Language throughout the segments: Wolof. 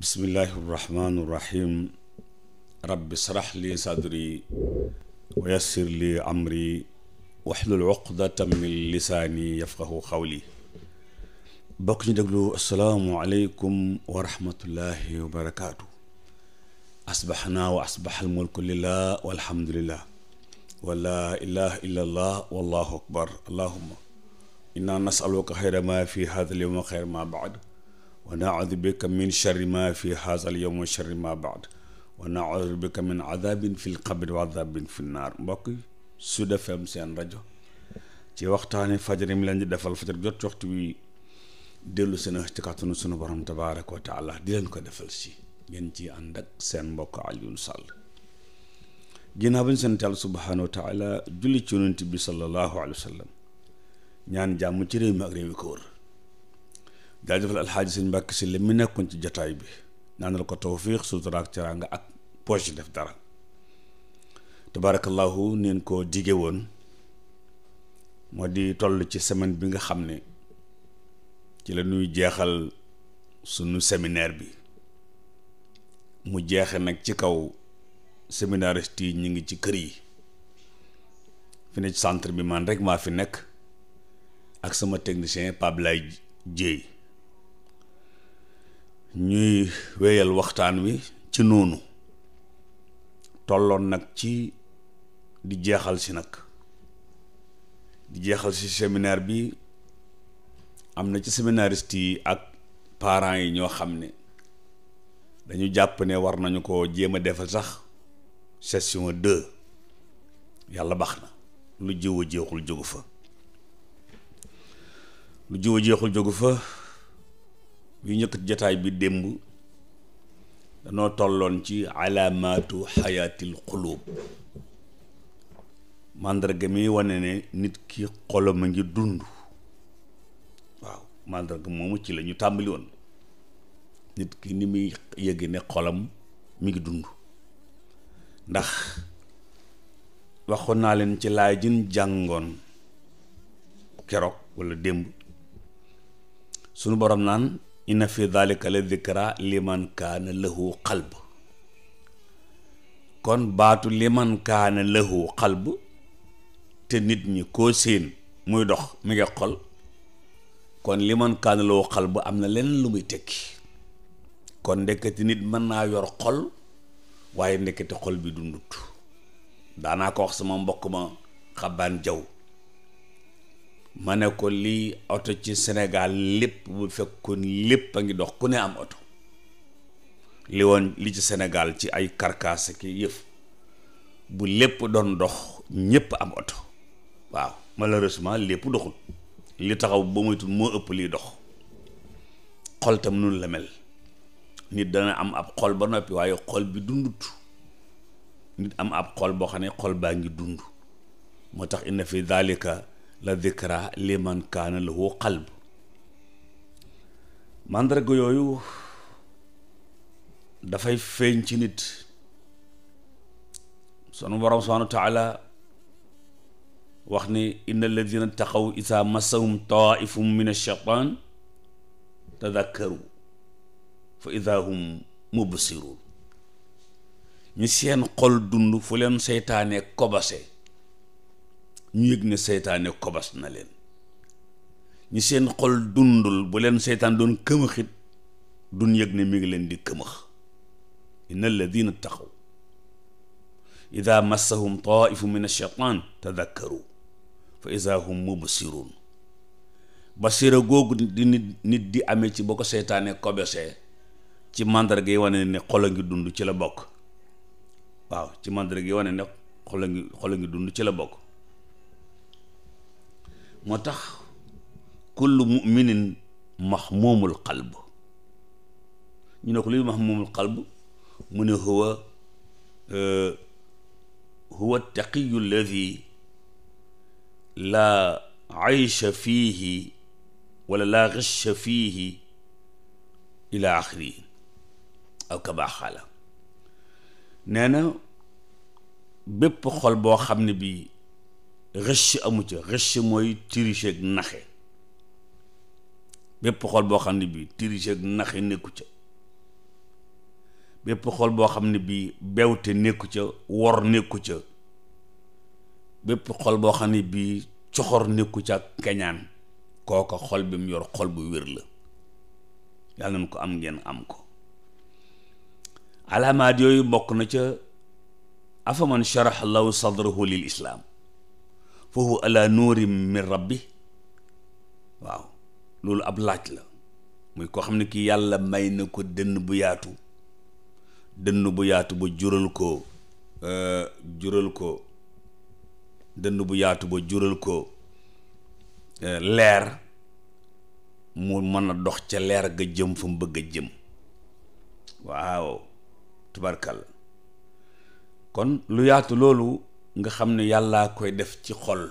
bismillahi irrahmani irrahim rabbi srax li sadri wa yassir li amri waxlul uqdata min lisaani yafqahu xawli bokk ñu déglu asalaamualeykum wa rahmatullahi wa barakaatu asbaxnaa wa asbax almulku lillah walhamdulillah wa laa ilaha illa allah wallahu akbar allahuma inna nasaluka xayra ma fi hada al yowma xayra ma baad wa naudu bika min sharri ma fi haza al yawm wa sharri ma baad wa naudu bika min adabin fi lqabri wa adabin fi mbokk Sud FM seen rajo ci waxtaani fajar mi leen di defal fajar jot ci waxtu wi dellu seen ci kàttanu sunu borom tabaraka wa di leen ko defal si ngeen ci ànd ak seen mbokk Alioune Sall ginnaaw ba ñu sant Yàlla subhaanahu julli ci yonent bi sallallahu alayhi wa ñaan jàmm ci réew mi ak réew yi ko wër jaajëfal alxaaji sëñ Mbàkke si li mu nekkoon ci jataay bi ñaanal ko tawfiix sutura ak teraanga ak poche def dara tabarakallahu neen ko dige woon moo di toll ci semaine bi nga xam ne ci la ñuy jeexal sunu séminaire bi mu jeexe nag ci kaw séminariste yi ñu ngi ci kër yi fi ne ci centre bi man rek maa fi nekk ak sama technicien Pape Lay Dieye ñuy wéyal waxtaan wi ci noonu tolloon nag ci di jeexal si nag di jeexal si séminaire bi am na ci seminarist yi ak parent yi ñoo xam ne dañu jàpp ne war nañu ko jéem a defal sax session deux yàlla baax na lu jiw a jeexul jógu fa lu jiw jeexul jógu fa bi ñëkk jataay bi démb danoo tolloon ci alaamaatu xayaatil xuluub màndarga mi wone ne nit ki xolam a ngi dund waaw màndarga moomu ci la ñu tàmbali woon nit ki ni muy yëge ne xolam mi ngi dund ndax waxoon naa leen ci laajin jàngoon keroog walla démb sunu borom naan inna fi dhalika la dhikra liman kaana lahu kon baatu liman kaana lahu te nit ñi koo siin muy dox mi ngi xol kon liman kaana lahu qalb am na leneen lu muy tekki kon ndekete nit mën naa yor xol waaye ndekete xol bi dundut daanaa ko wax sama mbokk ma xaban jaw ma ne ko lii oto ci Sénégal lépp bu fekkoon lépp a ngi dox ku ne am oto li woon li ci Sénégal ci ay karkaas ki yëf bu lépp doon dox ñépp am oto waaw malheureusement lépp doxul li taxaw ba moytul moo ëpp liy dox xol tam nun la mel nit dana am ab xol ba noppi waaye xol bi dundut nit am ab xol boo xam ne xol baa ngi dund moo tax inna fi dhalika la dikra liman kaana lahu qalb màndarga yooyu dafay feeñ ci nit sunu borom subhaanahu wa taala wax ni inna alladina taxaw isaa massahum taifum min alcheitan tadakkaru fa ida hum mubsirun ñu seen xol dund fu leen seytaane kobase ñu yëg ne seytaane kobas na leen ñi seen xol dundul bu leen seytaan doon këmëxit dun yëg ne mi ngi leen di këmëx inna alladina taqaw ida massahum taifu min alcheitan tadakkaru fa ida hum mubsirun basira googu di nit nit di amee ci boo ko seytaane kobesee ci mandarga yi wane ne xol a ngi dund ci la bokk waaw ci mandarga yi wane ne xol ngi xol ngi dund ci la bokk moo tax kullu muminin maxmuumul qalb ñu ne ko luy maxmuumul qalb mu ne huwa eh, huwa taqiyu alladi laa aysha fiihi wala laa gisha fiihi ila axiri aw kabaa xaala nee na bépp xol boo xam ne bii rëcc amu ca rëcc mooy tricher ak naxe bépp xol boo xam ne bii tricher ak naxe nekku ca bépp xol boo xam ne bii bewte nekku ca wor nekku ca bépp xol boo xam ne bii coxor nekku ca keñaan kooko xol bi mu yor xol bu wér la yàlla nañ ko am ngeen am ko alaamaat yooyu bokk na ca afaman sharax lahu sadrahu lil islaam fa huwa ala nuurin min rabbi waaw loolu ab laaj la muy koo xam ne kii yàlla may na ko dënn bu yaatu dënn bu yaatu ba jural ko euh, jural ko dënn bu yaatu ba jural ko euh, leer mu mën a dox ca leer ga jëm fa mu bëgg a jëm waaw tubarkalla kon lu yaatu loolu nga xam ne yàllaa koy def ci xol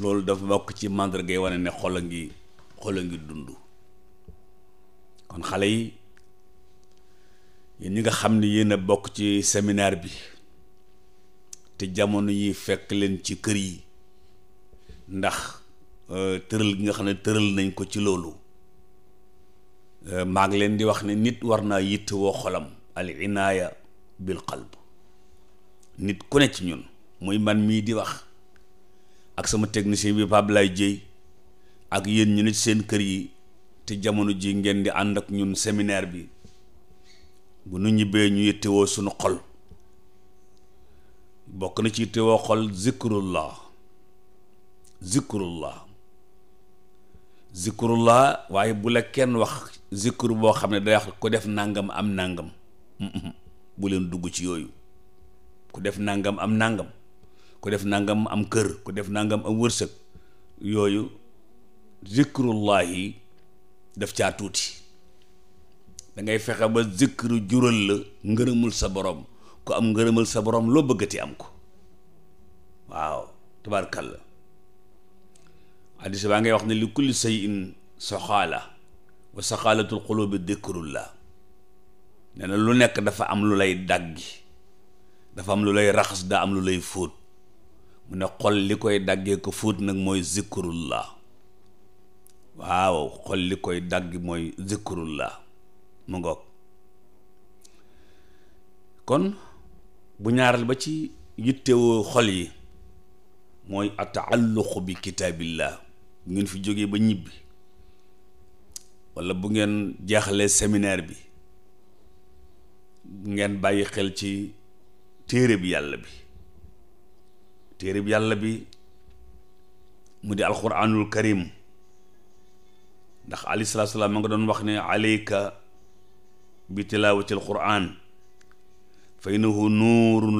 loolu dafa bokk ci gay wane ne xol a ngi xol a ngi dund kon xale yi yéen ñi nga xam ne yéen a bokk ci séminaire bi te jamono yi fekk leen ci kër yi ndax euh, tëral gi nga xam ne tëral nañ ko ci loolu euh, maa ngi leen di wax ne nit war naa yittewoo xolam al inaaya bil qalb nit ku ne ci ñun muy man mii di wax ak sama technicien bi Pape Lay Dieye ak yéen ñu ne ci seen kër yi te jamono ji ngeen di ànd ak ñun séminaire bi bu nu ñibbee ñu yittewoo sunu xol bokk na ci yittewoo xol zikrullah zikrullah zikrullah waaye bu la kenn wax zikr boo xam ne day wax ko def nàngam am nàngam bu leen dugg ci yooyu ku def nangam am nangam ku def nangam am kër ku def nangam am wërsëg yooyu zikrullahi def caa tuuti dangay fexe ba zikru jural la ngërëmul sa borom ku am ngërëmul sa boroom loo bëggati am ko waaw tabaarkalla hadiis baa ngay wax ne li kulli shay'in soxaala wa saxaalatul xulubi dikrullah nee na lu nekk dafa am lu lay daggi dafa am lu lay raxas daa am lu lay fóot mu ne xol li koy daggee ko fóot nag mooy la waaw xol li koy dagg mooy la mu ngoog kon bu ñaaral ba ci yittewoo xol yi mooy ataalluqu bi la bu ngeen fi jógee ba ñibbi walla bu ngeen jeexalee séminaire bi ngeen bàyyi xel ci téereb yàlla bi téereb yàlla bi mu di alquranul karim ndax alayhi salaatu salaam ma nga doon wax ne alayka bi tilaawati alquran fa innahu nuurun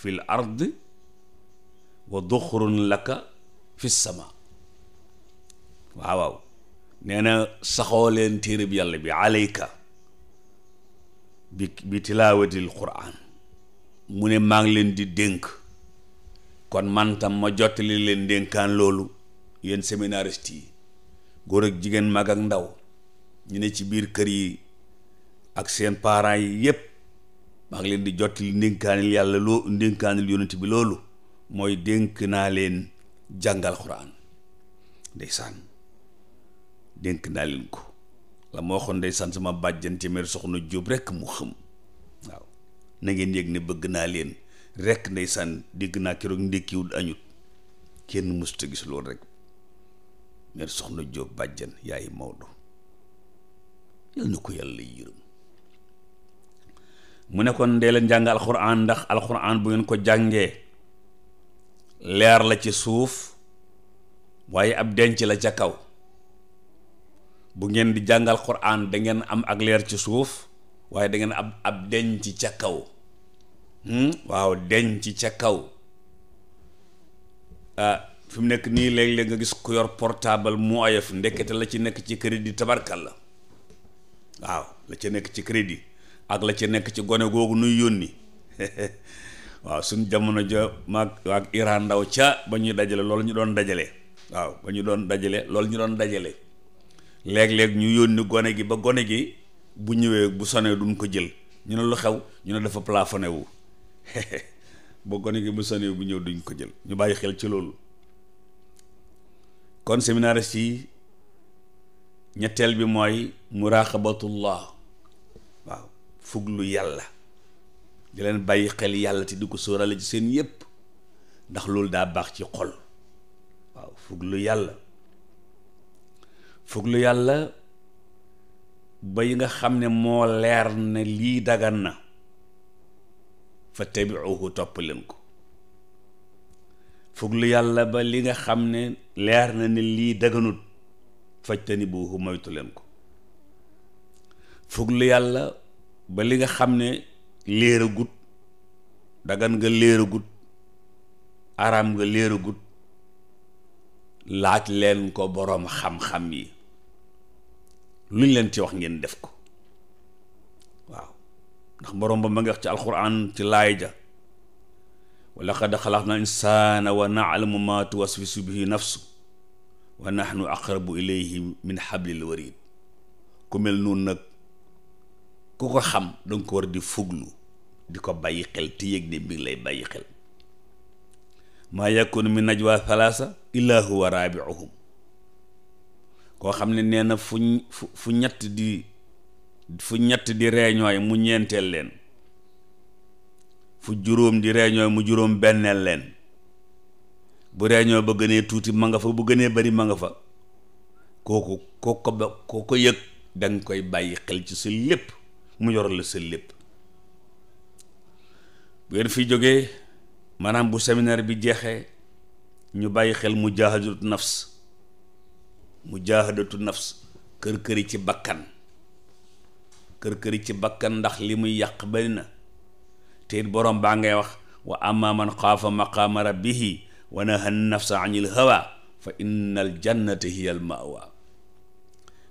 fi l ard wa duxrun fi sama waaw waaw nee na saxoo leen téereb yàlla bi alayka bi bi mu ne maa leen di dénk kon mantam ma jottali leen dénkaan loolu yéen séminariste yi góor ak jigéen mag ak ndaw ñu ne ci biir kër yi ak seen parents yi yépp maa ngi leen di jottali ndénkaanil yàlla loo ndénkaanil yonent bi loolu mooy dénk naa leen jàngal xuraan ndeysaan dénk naa leen ko la moo waxoon ndeysaan sama bàjjan téeméer soxna Jóob rekk mu xëm na ngeen yëg ne bëgg naa leen rek ndeysaan dégg naa keroog ndékkiwul añut kenn mësuta gis loolu rek mais soxna Jóob bàjjan yaay Maodo yal na ko yàlla yërëm mu ne kon dee leen jàng alxuraan ndax alxuraan bu ngeen ko jàngee leer la ci suuf waaye ab denc la ca kaw bu ngeen di jàngal alxuraan da ngeen am ak leer ci suuf waaye da ngeen ab ab denc ca kaw hmm? waaw denc ca kaw ah mu nekk nii léeg-léeg nga gis ku yor portable mu oyof ndekete la ci nekk ci crédit tabarkal la waaw la ca nekk ci crédit ak la ci nekk ci gone googu nuy yónni waaw suñ jamono ja maag ak Iran ndaw ca ba ñuy dajale loolu ñu doon dajale waaw ba ñu doon dajale loolu ñu doon dajale léeg-léeg ñu yónni gone gi ba gone gi bu ñëwee bu sonee duñ ko jël ñu ne lu xew ñu ne dafa plafonné wu boo gone gi bu sonee bu ñëw duñ ko jël ñu bàyyi xel ci loolu kon séminariste yi ñetteel bi mooy muraqabatullah waaw fuglu yàlla di leen bàyyi xel yàlla te di ko sóorale ci seen yépp ndax loolu daa baax ci xol yàlla ba yi nga xam ne moo leer ne lii dagan na fa tabiuhu topp leen ko fuglu yàlla ba li nga xam ne leer na ne lii daganut fajtani buuhu ko fuglu yàlla ba li nga xam ne léeragut dagan nga léeragut araam nga léeragut laaj leen ko boroom xam-xam yi lu leen ci wax ngeen def ko waaw ndax borom ba ma ngi wax ci alquran ci laay ja wa laqad xalaqna insaana wa naalamu ma tuwaswisu bihi nafsu wa nahnu aqrabu ilayhi ku nag ku ko xam danga ko war di fuglu di ko bàyyi xel te yëg ne mi lay bàyyi xel maa yakunu min najwa thalaasa illa huwa raabiuhum koo xam ne nee na fu fu ñett di fu ñett di reeñooy mu ñeenteel leen fu juróom di reeñooy mu juróom benneel leen bu reeñoo ba gënee tuuti ma nga fa bu gënee bari ma nga fa kooku koo ko ba koo ko yëg danga koy bàyyi xel ci sa lépp mu yor la sa lépp bu fi jóge maanaam bu séminaire bi jeexee ñu bàyyi xel mu jaahadut nafs mujaahadatu nafs kër këri ci bakkan kër këri ci bakkan ndax li muy yàq bari na te it borom baa ngay wax wa amma man xaafa maqaama rabbihi wa naha nafsa anil hawa fa innal jannata hiya al mawa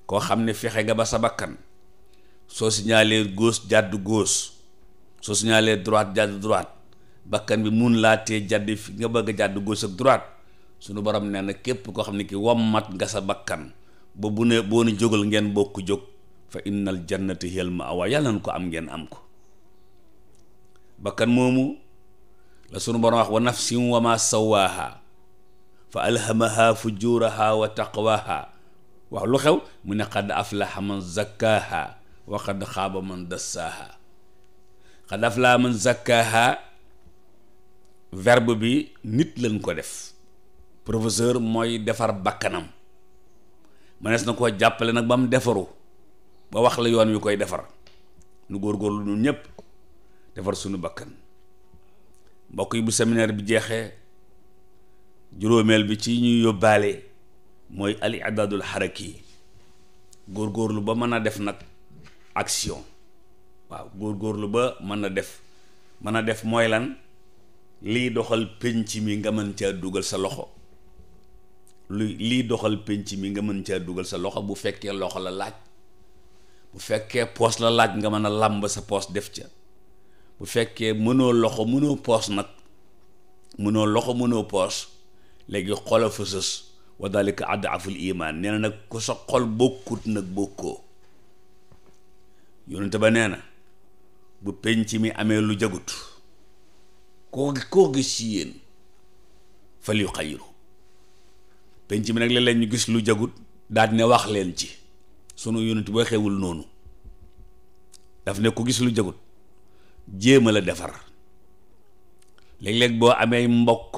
koo xam ne fexe nga ba sa bakkan soo signalé gauche jàdd góos soo signalé droite jàdd droite bakkan bi mun laa tee jàdd fi nga bëgg a jàdd gauche ak droite sunu borom nee na képp koo xam ne ki wommat nga sa bakkan ba bu ne boo nu jógal ngeen bokk jóg fa innal jannati hiyal ma'wa yàlla na ko am ngeen am ko bakkan moomu la sunu borom wax wa nafsin wa ma sawaaha fa alhamaha fujuraha wax lu xew mu ne qad aflaha man zakkaaha wa qad xaaba man dassaaha qad aflaha man zakkaaha verbe bi nit lañ ko def professeur mooy defar bakkanam mënees na koo jàppale nag ba mu defaru ba wax la yoon wi koy defar nu góorlu nu ñëpp defar sunu bakkan mbokk yi bu séminaire bi jeexee juróomeel bi ci ñuy yóbbaale mooy al i'dadul haraki góorgóorlu ba mën a def nag action waaw góorlu ba mën a def mën a def mooy lan lii doxal penc mi nga mën caa dugal sa loxo lu liy doxal penc mi nga mën caa dugal sa loxo bu fekkee loxo la laaj bu fekkee poos la laaj nga mën a làmb sa poos def ca bu fekkee mënoo loxo mënoo poos nag mënoo loxo mënoo poos léegi xol a fa sës wa dalika adaful iman nee na nag ku sa xol bokkut nag bokkoo yonente ba nee na bu penc mi amee lu jagut koo koo gis ci yéen fal yu xayiru penc mi nag léeg-léeg ñu gis lu jagut daal ne wax leen ci sunu yonent boo xewul noonu daf ne ko gis lu jagut jéem a la defar léeg-léeg boo amee mbokk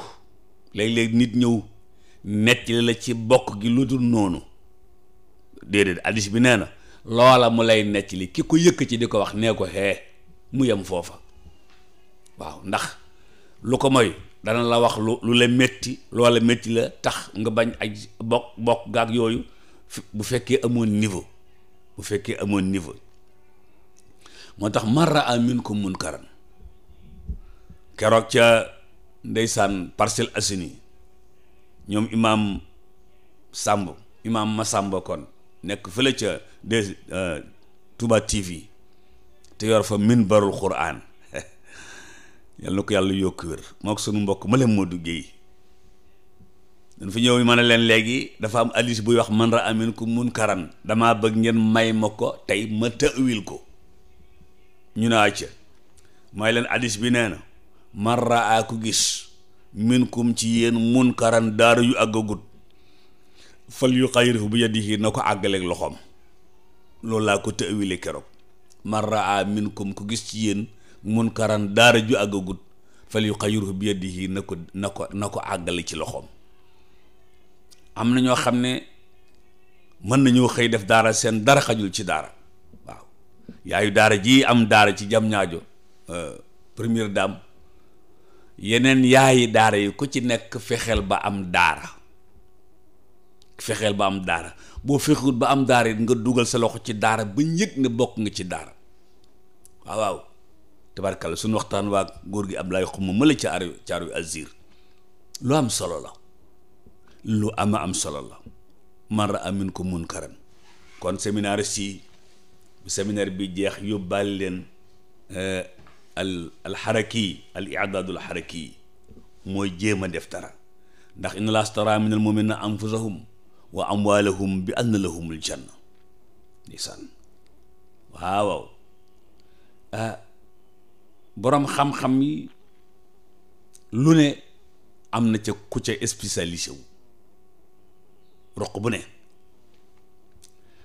léeg-léeg nit ñëw nettali la ci bokk gi lu dul noonu déedéet addis bi nee na loola mu lay nettali ki ko yëkk ci di ko wax nee ko xee mu yem foofa waaw ndax lu ko moy dana la wax lu la metti loola metti la tax nga bañ ak bokk bokk gaag yooyu bu fekkee amoon niveau bu fekkee amoon niveau moo tax marra amin ko mun munkaran keroog ca ndeysaan Parcelles Assainies ñoom imaam Samb imaam Masamba kon nekk fële ca de euh, Touba TV te yor fa minbarul Qur'an yàlla na ko yàlla yokk wér moo ko sunu mbokk ma leen moo duggee dañ ñëw ma ne leen léegi dafa am alis buy wax man ra amin ku mun karan damaa bëgg ngeen may ma ko tey ma tawil ko ñu ne acca may leen alis bi nee na man ra ku gis min ci yéen mun karan daara yu àggagut fal yu xayrifu bu yadihi na ko àggaleeg loxoom loolu laa ko tawile keroog man ra a ku gis ci yéen munkaran daara ju àggagut fal yu xayruhu bi yadihi na ko na ko na ko àggale ci loxoom am na ñoo xam ne mën nañoo xëy def daara seen dara xajul ci daara waaw yaayu daara ji am daara ci jam ñaajo euh, première dame yeneen yaayi daara yi ku ci nekk fexeel ba am daara fexeel ba am daara boo fexewut ba am daara yi nga dugal sa loxo ci daara ba yëg ne bokk nga ci daara waaw tabarkalla suñu waxtaan waa góor gi Abdoulaye Xuma mala caaru caaru azir lu am solo la lu ama am solo la man ra'a minkum munkaran kon séminaire si séminaire bi jeex yóbbaale leen eh, al al xaraki al i'dadul xaraki mooy jéem a def dara ndax inna laa stara min al mu'minina anfusahum wa amwaalahum bi anna lahumul janna ndeysaan waaw waaw ah boroom xam-xam yi lu ne am na ca ku ca spécialisé wu roq bu ne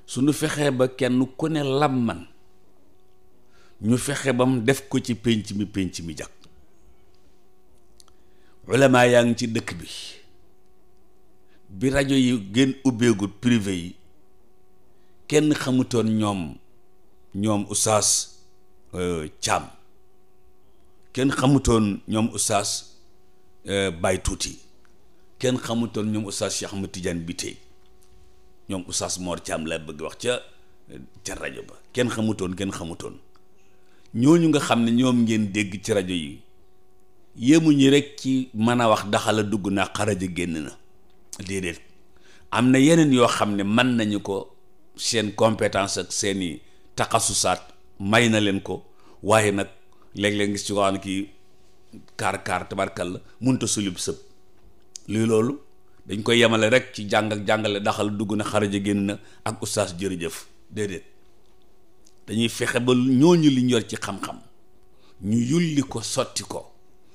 suñu fexee ba kenn ku ne lam man ñu fexe mu def ko ci pénc mi pénc mi jàkk ulama yaa ngi ci dëkk bi bi rajo yi gën ubbeegul privé yi kenn xamutoon ñoom ñoom oustaz euh, Thiam kenn xamutoon ñoom oustaz euh, Baye Tuuti kenn xamutoon ñoom oustaz Cheikh Ahmed Tidiane bi tey ñoom oustaz Mor Thiam la bëgg wax ca ca rajo ba kenn xamutoon kenn xamutoon ñooñu nga xam ne ñoom ngeen dégg ci rajo yi yéemuñu rek ci mën a wax daxala dugg naa xaraja génn na déedéet am na yeneen yoo xam ne mën nañu ko seen compétence ak seeni taxasusaat may na leen ko waaye nag léeg-léeg ngis ci ko xam ne kii kaar kaar tabarkal la munta sulib sëb luy loolu dañ koy yemale rek ci jàng ak jàngale daxal dugg na xaraja génn na ak ustaas jërëjëf déedéet dañuy fexe ba ñoo ñooñu liñ yor ci xam-xam ñu yulli ko sotti ko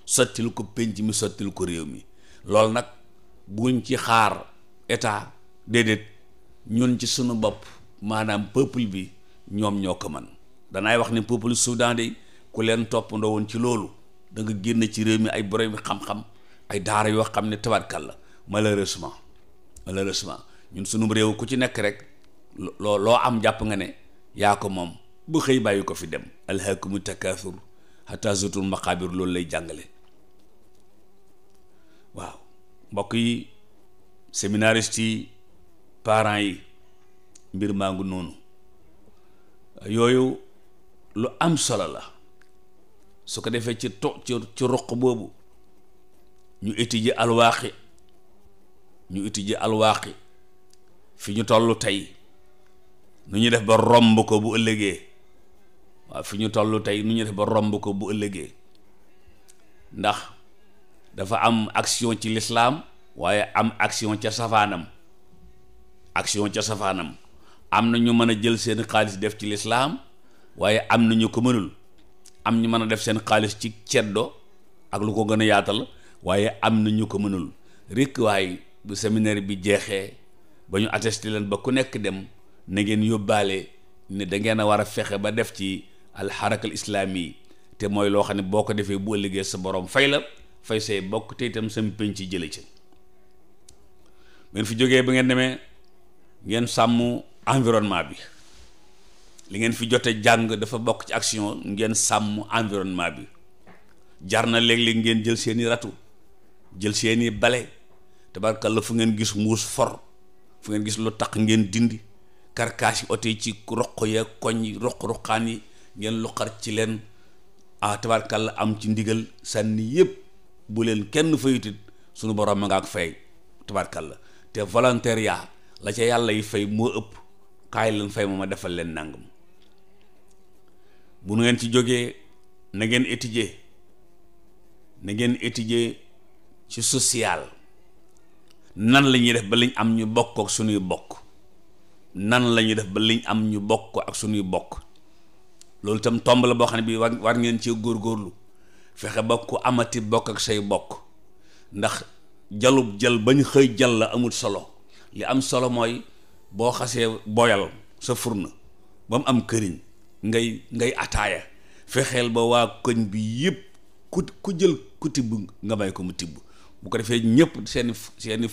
sottil ko penc mi sottil ko réew mi loolu nag buñ ci xaar état déedéet ñun ci sunu bopp maanaam peuple bi ñoom ñoo ko man danaay wax ne peuple Soudan de ku leen toppandoo woon ci loolu da génn ci réew mi ay borom xam-xam ay daara yoo xam ne tabarkal la malheureusement malheureusement ñun sunum réew ku ci nekk rek loo loo am jàpp nga ne yaa ko moom bu xëy bàyyi ko fi dem alhaakumu takaasur hatta zurtumul maqaabir loolu lay jàngale waaw mbokk yi séminariste yi parent yi mbir maa noonu yooyu lu am solo la su ko defee ci to ci ci ruq boobu ñu étudier ji alwaaqi ñu étudier ji alwaaqi fi ñu toll tey nu ñu def ba romb ko bu ëllëgee waa fi ñu toll tey nu ñu def ba romb ko bu ëllëgee ndax dafa am action ci lislaam waaye am action ca safaanam action ca safaanam am na ñu mën a jël seen xaalis def ci lislaam waaye am na ñu ko mënul am ñu mën a def seen xaalis ci ceddo ak lu ko gën a yaatal waaye am na ñu ko mënul rekk waaye bu séminaire bi jeexee ba ñu attesté leen ba ku nekk dem na ngeen yóbbaale ne da ngeen a war a fexe ba def ci alxarakal islaami yi te mooy loo xam ne boo ko defee bu ëllëgee sa borom fay la fay say bokk te itam sam penc ci jële ci ngeen fi jógee ba ngeen demee ngeen sàmm environnement bi li ngeen fi jote jàng dafa bokk ci action ngeen sàmm environnement bi jar na léeg-léeg ngeen jël seeni ratu jël seeni bale la fu ngeen gis muus for fu ngeen gis lu taq ngeen dindi karkaas yi oto yi ci roq ya koñ yi roq-roqaan yi ngeen luqar ci leen ah tabarkalla am ci ndigal sànni yëpp bu leen kenn fayutit sunu borom ma nga ak fay tabarkalla te volontaire yaa la ca yàlla yi fay moo ëpp kaay leen fay ma ma defal leen nangam bu ngeen ci jógee na ngeen étudier na ngeen étudier ci social nan la ñuy def ba liñ am ñu bokk ak suñuy bokk nan la def ba liñ am ñu bokk ak suñuy bokk loolu tam tomb la boo xam ne bi war ngeen cee góorgóorlu fexe ba ku amati bokk ak say bokk ndax jalub jël ba ñu xëy jal la amul solo li am solo mooy boo xasee boyal sa furna ba mu am këriñ ngay ngay ataaya fexeel ba waa koñ bi yëpp ku ku jël ku tibb nga may ko mu tibb bu ko defee ñëpp seeni seeni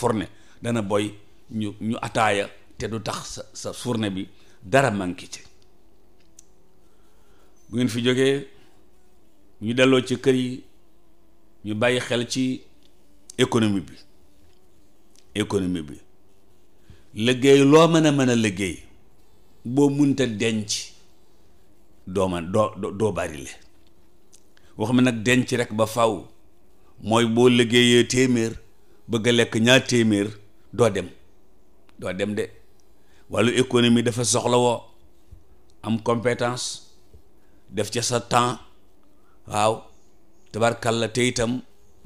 fon dana boy ñu ñu ataaya te du tax sa sa fourne bi dara manqué ci bu ngeen fi jógee ñu delloo ci kër yi ñu bàyyi xel ci économie bi économie bi liggéey loo mën a mën a liggéey boo munta denc doo man doo doo bari le wax ma nag denc rek ba faw mooy boo liggéeyee téeméer bëgg a lekk ñaar téeméer doo dem doo dem de wàllu économie dafa soxla woo am competence def ca sa temps waaw tabarkalla te itam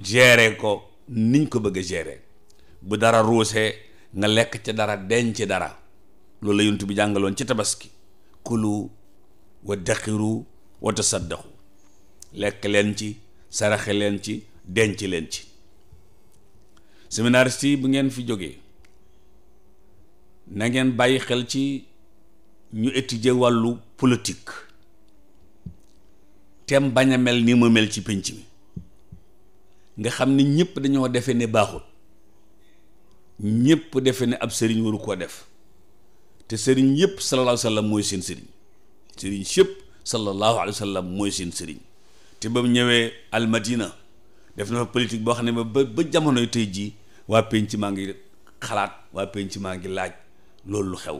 gere ko niñ ko bëgg a gérer bu dara ruusee nga lekk ca dara denc dara loolu la yonent bi jàngaloon ci tabaski kulu waddaxiru wa tasaddaxu lekk leen ci saraxe leen ci denc leen ci séminariste yi bu ngeen fi jógee na ngeen bàyyi xel ci ñu étudier wàllu politique tem bañ a mel ni mu mel ci pinc mi nga xam ni ñëpp dañoo defe ne baaxul ñëpp defe ne ab sëriñ waru koo def te sëriñ yëpp sallallahu alayhi wa mooy seen sëriñ sëriñ sépp sallallahu alayhi wa sallam mooy seen sëriñ te ba mu ñëwee almadina def na fa politique boo xam ne ba ba jamonoy tey jii waa penc maa ngi xalaat waa penc maa ngi laaj loolu lu xew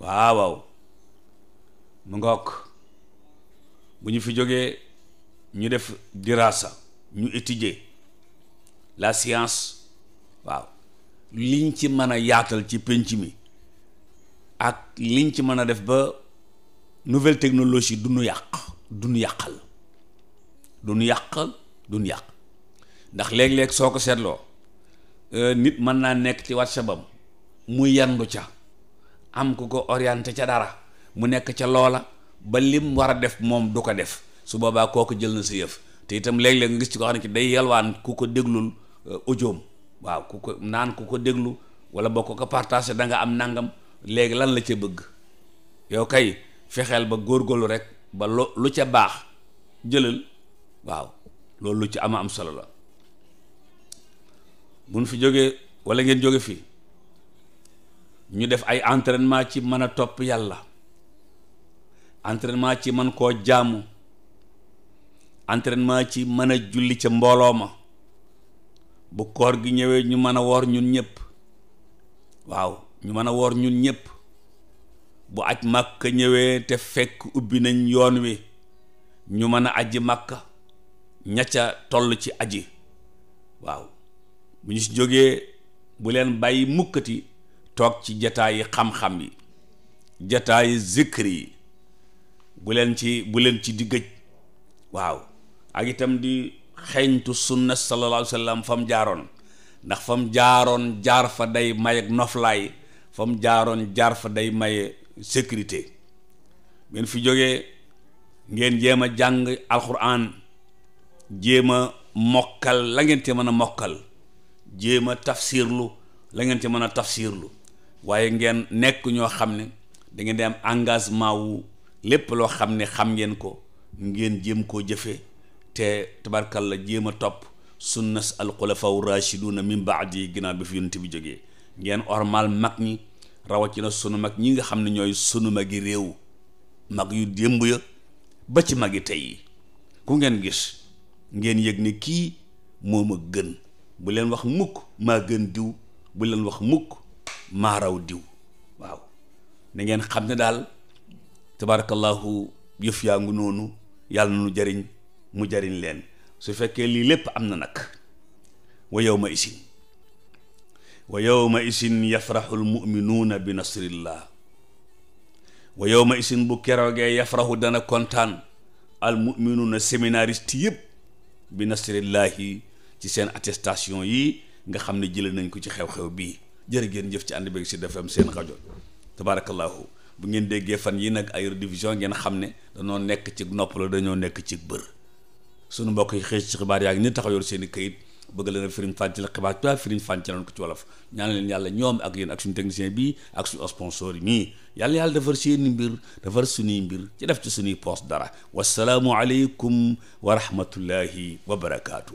waaw waaw mu ngook bu ñu fi jógee ñu def diraasa ñu étudier la science waaw liñ ci mën a yaatal ci penc mi ak liñ ci mën a def ba nouvelle technologie du nu yàq du nu yàqal du nu du yàq ndax léeg-léeg soo ko seetloo euh, nit mën naa nekk ci whatsapp am mu yandu ca am ku ko orienté ca dara mu nekk ca loola ba lim war a def moom du ko def su boobaa kooku jël na sa yëf te itam léeg-léeg nga gis ci ko xam ne ci day yalwaan ku ko déglul euh, audioom waaw ku ko naan ku ko déglu wala boo ko ko partagé da nga am nangam léegi lan la ca bëgg yow kay fexeel ba góor góorgóorlu rek ba lo lu ca baax jëlal waaw loolu lu ci ama am solo la buñ fi jógee walla ngeen jóge fi ñu def ay entraînement ci mën a topp yàlla entraînement ci mën koo jaamu entraînement ci mën a julli ca mbooloo ma bu koor gi ñëwee ñu mën a woor ñun ñëpp waaw ñu mën a woor ñun ñëpp bu aj màkka ñëwee te fekk ubbi nañ yoon wi ñu mën a aji màkka ña ca toll ci aji waaw bu ñu si jógee bu leen bàyyi mukkati toog ci jataayi xam-xam yi jataayi zikri yi bu leen ci bu leen ci diggaj waaw ak itam di xeeñtu sunna sallallahu alayhi fam jaaroon ndax fam jaaroon jaar fa day may ak noflaay fam jaaroon jaar fa day maye sécurité ngeen fi jóge ngeen jéem a jàng alxuraan jéem a mokkal la ngeen te mën a mokkal jéem a tafsirlu la ngeen te mën a tafsirlu waaye ngeen nekk ñoo xam ne da ngeen di am engagement wu lépp loo xam ne xam ngeen ko ngeen jéem koo jëfe te tabarkalla jéem a topp sunnas alxulafaw rachiduna min baadi ginnaaw bi fi yonent bi jógee ngeen ormal mag ñi rawatina sunu mag ñi nga xam ne ñooy sunu magi réew mag yu démb ya ba ci mag yi tey ku ngeen gis ngeen yëg ni kii moo ma gën bu leen wax mukk maa gën diw bu leen wax mukk maa raw diw waaw dangeen xam ne daal tabarakallahu yëf yaa ngi noonu yàlla nu jariñ mu jariñ leen su fekkee lii lépp am na nag wa yow ma isin wa yowma isin yafraxu almuminuuna bi nasrillah wa yowma isin bu keroogee yafraxu dana kontaan almuminuuna séminariste yëpp bi nasrillahi ci seen attestation yi nga xam ne jëlee nañ ko ci xew-xew bii jërë ngeen jëf ci ànd beeg si defam seen rajo tabarakallahu bu ngeen déggee fan yi nag ay redivision ngeen xam ne danoo nekk ci nopp la dañoo nekk ci bër sunu mbokk yi xëy ci xibaar yaa ngi ni taxaw yor seen i kayit bëgg leen a firiñ fànci la xibaar tubaab firiñ fànci lañ ko ci wolof ñaan leen yàlla ñoom ak yéen ak suñu technicien bii ak suñu sponsor yi mii yàlla yàlla defar seeni mbir defar suñuy mbir ci def ci suñuy poos dara wasalaamu aleykum wa rahmatullahi wa barakaatu.